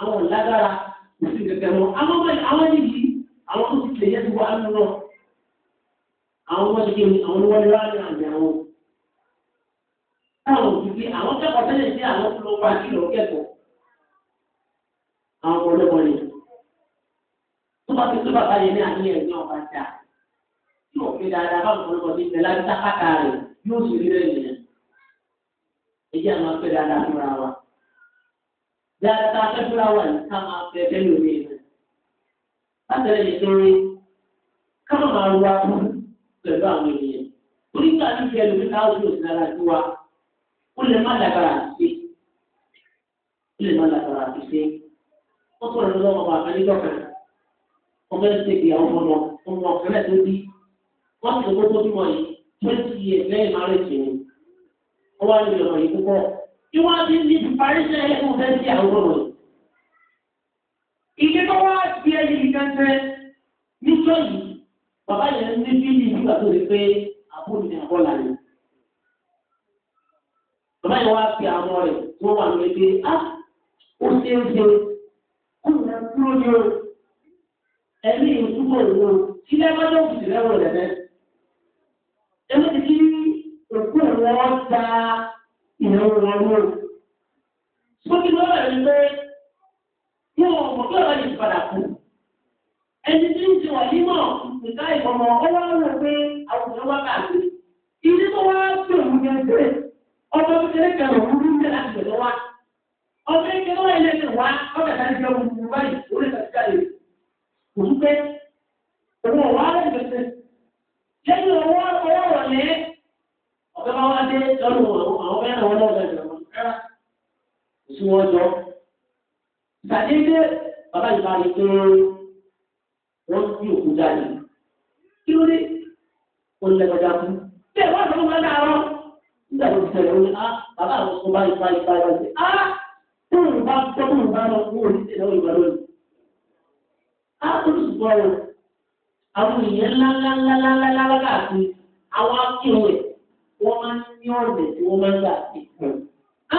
àwọn ìlágbára kò sí kẹ̀kẹ́ wọn. Àwọn ọmọ àwọn yìí, àwọn tó ti tẹ̀yẹ́ ti wọ àwọn Àwọn ọmọ táwọn òbí àwọn kẹ́kọ̀ọ́ tẹ́lẹ̀ sí àwọn tó lọ wá sí lọ kẹ́kọ̀ọ́ àwọn ọlọ́mọ ni tó bá ti tó bàbá yẹn ní àníyàn ní ọba dà yóò fi dáadáa báwọn ọlọ́mọ ti bẹ̀ láti sákàtà rẹ̀ yóò sì rí rẹ̀ nìyẹn èyí àwọn afẹ́ dáadáa fúnra wa dáadáa afẹ́ fúnra wa yìí ká máa fẹ́ bẹ́ẹ̀ lómi rẹ̀ látẹ̀lẹ́ yìí lórí ká máa wá pẹ̀lú àwọn ènìyàn onígbà tí ìfẹ́ lómi ká ó sì òsì lára sí wa ó lè má lágbára àti ó lè má lágbára àti ṣe wọ́n tún rẹ̀ lọ́wọ́ ọmọ àgbẹ̀lẹ́ lọ́kàn ọmọ ẹ̀ ń tẹ̀gbé àwọn ọmọ ọmọ tó bí wọ́n ti gbogbo bí wọ́n yìí twenty years lẹ́yìn márùn-ún ìṣẹ̀yìn ọwọ́ àti ìlọ̀nà yìí púpọ̀ kí wọ́n ti ní preparation ẹ̀ fún fẹ́ẹ́ sí àwọn ọmọ yìí. ìgbé tó wá di ẹyẹ ìkẹsẹ̀ níjọ́ yìí bàbá yẹn ní bí ní ìgbà tó rí pé àbúrò ní àbọ̀ làlẹ́ bàbá yẹn wá fi àwọn rẹ̀ tí wọ́n wà ní pé á ó ṣe é ṣe kó nà kúrò ní o ẹ̀mí ìdúgbò wo kí lẹ́gbẹ́ ló fi lẹ́wọ̀n lẹ́fẹ́. ẹ̀mí ti kí òkú wọn da ìnáwó wọn mú o. sókè lọ́wọ́ ẹ̀rí pé yóò mọ̀ pé ọ̀rọ̀ yìí padà kú. ẹni tí ń ti wà nímọ̀ nǹkan ìfọ̀mọ̀ ọwọ́ rẹ̀ pé àwùjọ wá kàkiri. ìdí tó wá pè ẹ̀ka òun ní ìjẹ́ láti gbẹ̀dọ̀ wá. ọmọ ẹ̀ka lọ́wọ́ ilé ẹ̀ka wá ọ̀gá ìdájọ́ ìjọ òun ní báyìí orí ìta ti kò tún pé owó ọ̀wá rẹ̀ gbẹ̀sẹ̀. lẹ́yìn ọwọ́ rọ̀ lẹ́ ọ̀gá bá wá dé lọ́rùn àwọn ẹ̀rọ wọn lọ́wọ́ ìjọba rárá. kò sí wọn jọ. ìtàdédé bàbá ìbá rí pé wọ́n bí òkú jáde. kí nígbà tó ti tẹ̀lé wọn á ah, bàbá àwọn sọ báyìí báyìí báyìí báyìí á ah, tóun bá tóun bá lọ fún òṣìṣẹ́ ìdáwó ìgbà lónìí. á tó ti sùpọ̀ rẹ̀ àwọn èèyàn ńláńláńláńláńlá káàkiri àwọn akéwọ̀n rẹ̀ wọ́n máa ń ní ọ̀rẹ́ tí wọ́n máa ń gbà sí. á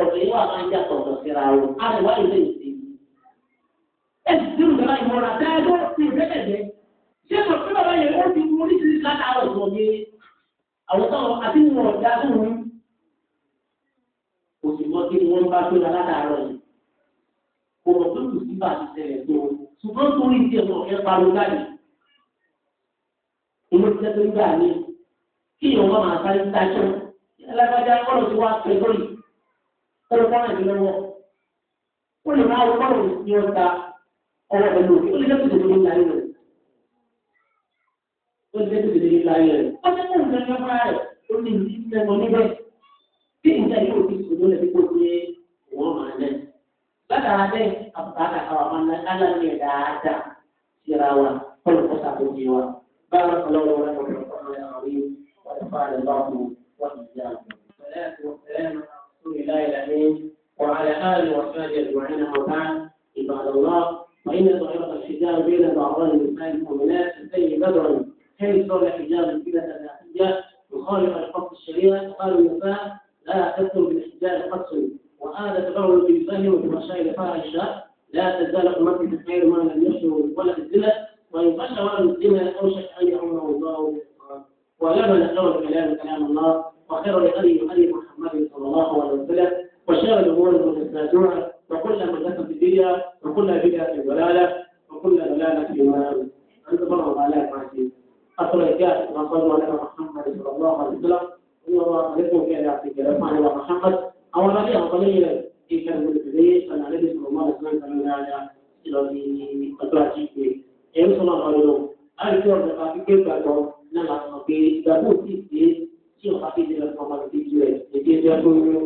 ọ̀dọ̀ yìí wà máa ń jà tọ̀tọ̀ síra o á lè wá ilé ìsè. ẹ sì ti rúdà ìmọ̀ràn dáadọ́ sí ìrẹ́lẹ̀ àwọn táwọn àti wọn ọ̀dà tó wọn kò sì mọ kí wọn bá tó la látàárọ̀ yìí kò mọ̀ tó kù sí bàtí ṣẹlẹ̀ tó ṣùgbọ́n torí ti ẹ̀ mọ̀ ẹ̀ pariwo láyé ìlú ti tẹ́tẹ́ gbà ní kí ìyọ̀n bá máa sáré dájọ́ alágbájá ọ̀rọ̀ tí wàá pẹ̀ lórí ọ̀rọ̀ bá rìn lọ́wọ́ ó lè máa wọ́n ọ̀rọ̀ ní ọ̀ta ọ̀rọ̀ pẹ̀lú òfin ó lè jẹ́ kí ìṣòro ní ó lé tó lè la yẹ rẹ̀ ọjọ́ náà ń gbẹ́jọ́ fúnra rẹ̀ ó ní ìdí mẹ́mọ́ níbẹ̀ tí ìjà yìí ò fi sòdó lẹ́bí kó pé wọ́n máa lẹ̀. látara bẹ́ẹ̀ àbùkátà àwọn ọmọ náà kálá ní ẹ̀ dáadáa síra wa kọ́lù kọ́ sàkóso wa báwa ọlọ́wọ́ wọn kọ́ وعلى آله وصحبه أجمعين وبعد عباد الله فإن طريقة الحجاب بين بعضها الإنسان المؤمنات زي بدر كيف يصلح الحجاب الكلى الناحية يخالف القصد الشريعة قالوا يفاء لا تذكر بالاحتجاج القصري وهذا تبرر بالفهم وبمشايل فاحشة لا تزال أمتي تخير ما لم يشعر ولا الذلة وإن فشل ولا الذلة أوشك أن يعمر الله ولما أقول الكلام كلام الله وخير لأبي أبي محمد صلى الله عليه وسلم وشر الأمور المتساجعة وكل في الدنيا وكل بدعة ضلالة وكل ضلالة في النار أنت برضو عليك معك أصل الكاس ما صلوا على محمد صلى الله عليه وسلم وما عليكم كان يعطيك لما على محمد أو نبي قليلا في كان بالبداية أن النبي صلى الله عليه وسلم كان يعلى إلى أتراجيك أيام صلى الله عليه وسلم أنا كيف أقول كيف أقول نعم أقول دابو تيجي tí o bá fi di ẹ̀fọ́ máa fi ju ẹ̀ èdè ẹjọ́ tó yọ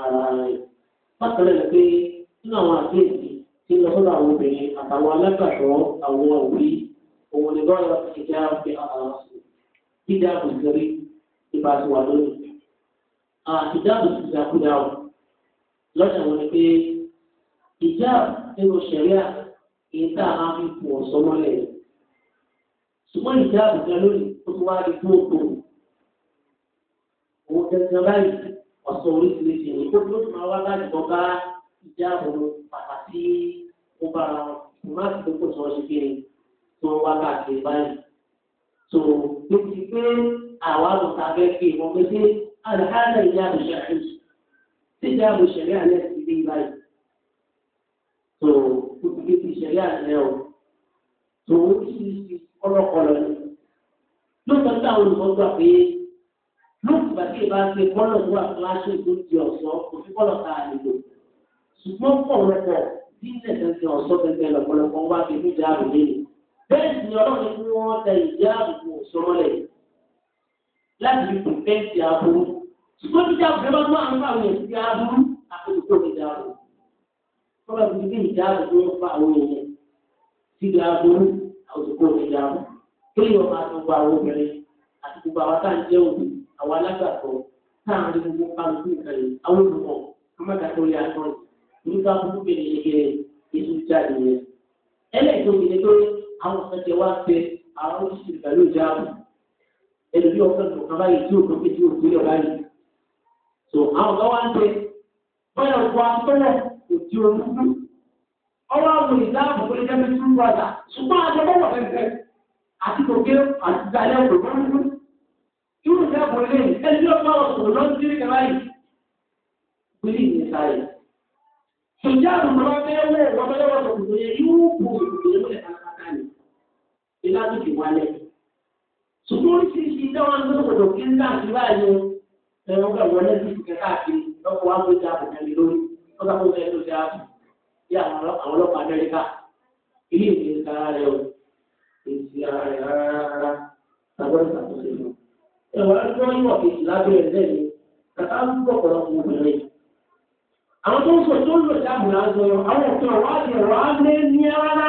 ara rẹ̀. Bákan náà pé nínú àwọn àkéèsì tí lọ sọ́dọ̀ àwọn obìnrin àtàwọn alágbàṣọ́ àwọn òbí òun ni lọ́yọ̀ ìjà fi àwọn ọ̀sùn dídá àbùsírí ìbá ti wà lónìí. ìjà àbùsírí ìjàkúdà ọ̀ lọ́sẹ̀ wọn ni pé ìjà nínú sẹ̀ríà èyí tá a máa fi kù ọ̀sán mọ́lẹ̀ yìí. ṣùgbọ́n ìjà àbùsírí lónìí ó ti wá rí fún òun tẹ̀sán báyìí ọ̀sán oríṣiríṣi ní kó ló máa wá láti bọ́ bá ìjà pàtàkì ó bára wọn. ìmọ̀ àti kókó tí wọ́n ṣe tó wákàtí báyìí. tó létí pé àwa ló ta fẹ́ fi ìwọ̀n pété àlùkálẹ̀ ìyá àbùṣà rẹ̀ síjà àbùṣà rẹ̀ alẹ́ ti rí báyìí. tó kùtùkì ti ṣẹlẹ̀ àlẹ́ o tó ó ti di kọ́lọ́kọ́lọ́ ni. lóòótọ́ tí àwọn olùkọ́ gbà pé lóòótọ́ tí ìbá ṣe bọ́lọ̀ wà láṣẹ tó di ọ̀sán kò sí bọ́lọ̀ tá a lè lò. ṣùgbọ́n pọ̀ rẹ̀ pọ̀ bí ilẹ̀ tẹ̀sán ọ̀sán tẹ̀sán lọ́pọ̀lọpọ̀ wá fi mí dáàbò lé bẹ́ẹ̀ sì ni ọlọ́run fún wọn tẹ ìdí àbùkù sọmọlẹ̀ láti fi pèpèntì aburú ṣùgbọ́n jíjà àbùkù bá máa ń fà wọ́n sí aburú àkókò ìjà àbùkù wọ́n bá fi ìjà àbùkù ń fa àwọn èèyàn sí ìjà aburú àkókò ìjà àbùkù kéèyàn máa tó gba àwọn obìnrin àti gbogbo àwọn tá à ń jẹ́ òbí àwọn alágbàtọ́ tá à ń rí gbogbo kálukú nǹkan yìí àwọn olùkọ́ ọmọdàtọ́ yà á tán yìí nígbà gbogbo bèrè yẹn kéré èso jáde yẹn ẹlẹ́ẹ̀kejì ni pé àwọn kan jẹ wá pé àwọn oṣù pẹ̀lú ìjà wọn ẹnu bí ọkọ ìlú kan báyìí tí òkú kejì òkú yọ báyìí tó àwọn kan wá ń pè bọ́yọ̀ wọ abẹ́rẹ́ òdi orúkú ọwọ́ àwọn ìdáàbò kò lè jẹ́ bí túrú padà ṣùgbọ́n àjọ bọ́wọ̀ fẹ́fẹ́ àti kòkè àti dalẹ́ òkú orúkú irú ìdáàbò lè ẹni tí ọkọ ọ̀sùn lọ́sí ní kẹfà yìí gbélé ìyẹn sáré ìjà ṣe láti fi wálẹ̀. ṣùgbọ́n oríṣiríṣi iṣẹ́ wọn ló gbọdọ̀ kí ń dà sí báyìí ẹ̀rọ gbà wọlé sí ìfẹ́ káàkiri lọ́kọ̀ wá gbé jáàbù kan lórí lọ́kà tó fẹ́ tó ṣe ààbò bí àwọn ọlọ́pàá Amẹ́ríkà ilé ìwé ń tara rẹ o èsì ara rẹ rárá tàbí ṣàkóso lọ. ẹ̀wọ̀n arúgbó yíwọ̀ kejì lábẹ́ ẹ̀ lẹ́yìn kàtà ń bọ̀ pọ̀lọpọ̀ obìnrin àwọn tó ń sọ tó ń lọ jáàbù láàzọ àwọn òfin ọ̀rọ̀ àti ọ̀rọ̀ á lé ní rárá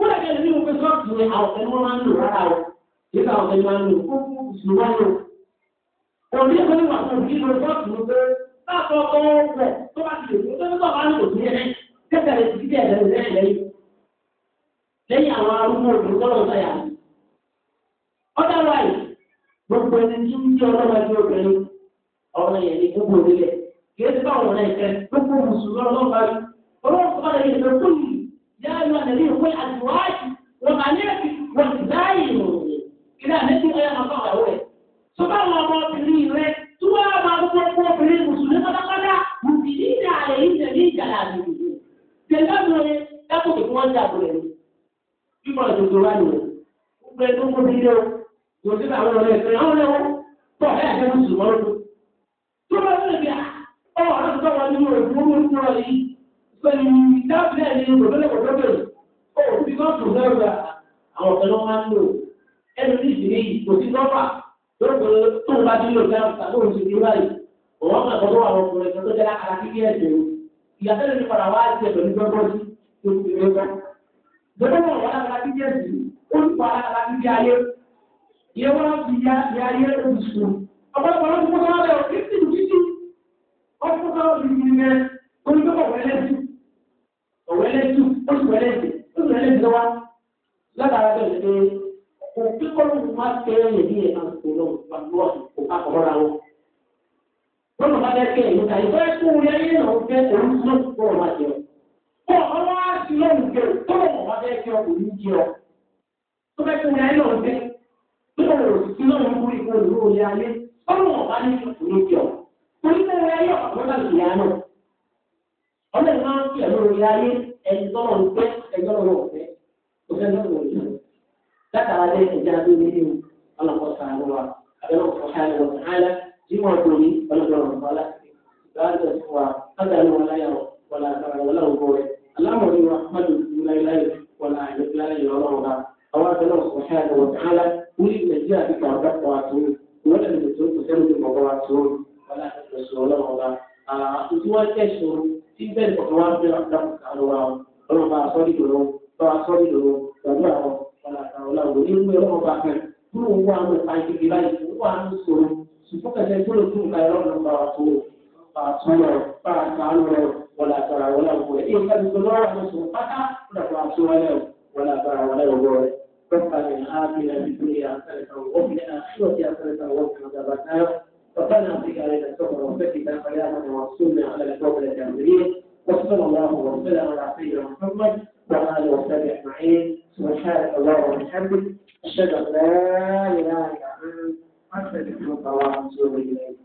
kódà bí ẹni nínú pé sọ́ọ̀tù ni àwọn ẹni máa ń lò rárá o yìí ká àwọn máa ń lò kó kú ìṣúná lò. òní ẹgbẹ́ ní fún ìṣúná sọ́ọ̀tù ni pé láàpọ̀ ọkọ̀ rẹ̀ tó bá ti lè fún tó bá ń lò sí ẹni rẹ̀ ti bẹ̀rẹ̀ lẹ́yìn lẹ́yìn lẹ́yìn àwọn arúgbó òdòdó tọ́lọ̀ sọ̀yà. ọ̀dà wáyé gbogbo ẹni tí ń jẹ́ ọlọ́mọdé obìnrin ọ̀rọ̀ yẹn ni gbogbo òdìlẹ̀ kì í ti bá ọ̀rọ̀ náà ìfẹ́ gbogbo mùsùlùmí ọlọ́mọdé ọlọ́mọdé yẹn lọ يا أيها الذين قل أزواج وبناتك وزايروا إلى نبي أيها الله أولئك سبحان الله بابلين رك توا بابو بابلين مسلمين قد قد مبتدين عليهم جميع جلاله جلاله dákò tó wọ́n dà bọ̀rẹ̀ ni bíbọ̀ ìdòdò wa nù gbogbo ẹni tó ń gbóbi yẹ o yóò ti bá àwọn ọ̀rẹ́ ìfẹ́ àwọn ọ̀rẹ́ wọn bọ̀ ẹ̀ àjẹ́ mùsùlùmọ́ lọ́dún tó bá wọn lè bí a ọ̀ ọ̀rẹ́ tó wà nínú rẹ̀ fún owó ìfúnra pẹ̀lú ìdáfẹ́ ní pòtẹ́lẹ̀pòtẹ́lẹ̀ ó ti kọ́ tó lọ́rọ̀ àwọn ọ̀tẹ̀ lọ́wọ́ máa ń lò ẹnu ní ìsìn yìí kò sí lọ́fà lórúkọ tó ń bá ti lò fẹ́ràn tàbí òun ti ní báyìí òun máa kọ́kọ́ àwọn ọkùnrin kan tó jẹ́ra ara kíkẹ́ ẹ̀jẹ̀ o ìyàtọ̀ ní padà wá ti ẹ̀tọ́ ní gbọ́gbọ́ sí tó ti lè gbọ́. gbọ́dọ̀ wà lára kíkẹ́ sí ó ń pa ara kíkẹ́ ayé ìyẹn wọn ti ya ya ayé oṣù ọ̀pọ̀lọpọ̀ ló ń kó sọ́wọ́ bẹ̀rẹ̀ kí ọ̀wẹ́lẹ́sù ó sì wẹ́lẹ́sì ó sì wẹ́lẹ́sì lọ́wọ́ látara bẹ́ẹ̀ ṣe kò kí kọ́lọ́mù má kẹ́rẹ́ yẹn ní ẹ̀ka kò lọ́wọ́ kò bá kọ̀ọ̀rọ̀ ra wọn. lọ́nà bá bẹ́ẹ̀ kẹ́ ìlú tàyè fẹ́ kú yẹn ní ìlànà fẹ́ òun ló kó ọ̀rọ̀ máa jẹun. kó ọlọ́ á sí lọ́rùn jẹ tó lọ́wọ́ bá ọlọ́run máa ń fi ẹ̀rọ orí ayé ẹni tọ́lọ̀ ń pẹ́ ẹgbẹ́ ọ̀rọ̀ ọ̀fẹ́ kò fẹ́ lọ́rùn òjò látara lé ẹja tó ní ní ọlọ́pọ̀ sàánú wa abẹ́rẹ́ ọ̀fọ̀ sàánú wa sàánú tí wọ́n tó ní ọlọ́dọ̀ọ̀rọ̀ wa láti gbàgbé fún wa kájàlú wọn láyà wọlá àtàrà wọlá òbó rẹ aláwọ̀rí wa mọ́tò ìlú láyé wọlá àyẹ̀kẹ́ ọlọ́run wa àwọn abẹ́rẹ́ ọ̀fọ̀ sàánú wa sàánú wúlí nàìjíríà ti kàwé kọ́ àtúnú wọ́n lè tó tó sẹ́nu tó kọ́ àtúnú wọlá àtàrà wọlá òbó rẹ tí bẹ́ẹ̀ kọ̀ọ̀kan wá ń bẹ àlọ́ wa ọlọ́run bá aṣọ nílò lọ bá aṣọ nílò lọ pẹ̀lú àwọn ọ̀làkàrọ̀lá òwò ní ìlú ẹ̀rọ ọba kan kúrò ń wá àwọn ìpa ìdíje báyìí ń wá àwọn ìṣòro ṣùgbọ́n kẹ̀kẹ́ gbọ́dọ̀ tún ìka ẹ̀rọ ọ̀nà bá aṣọ bá aṣọ lọ bá aṣọ lọ ọ̀làkàrọ̀lá òwò ẹ̀ yóò fẹ́ẹ́ gbọ́dọ̀ wá àwọn ìṣòro pátá lọ́dọ̀ aṣọ wálẹ̀ ọ̀làkàrọ̀lá òwò rẹ̀ ربنا آتنا في الدنيا حسنة وفي الآخرة حسنة وقنا عذاب النار فكان أمسك علينا السفر وسكت حياتنا وصلنا على القوم الكافرين وصلى الله وسلم على سيدنا محمد وعلى آله وصحبه أجمعين سبحانك اللهم وبحمدك أشهد أن لا إله إلا أنت أستغفرك وأتوب إليك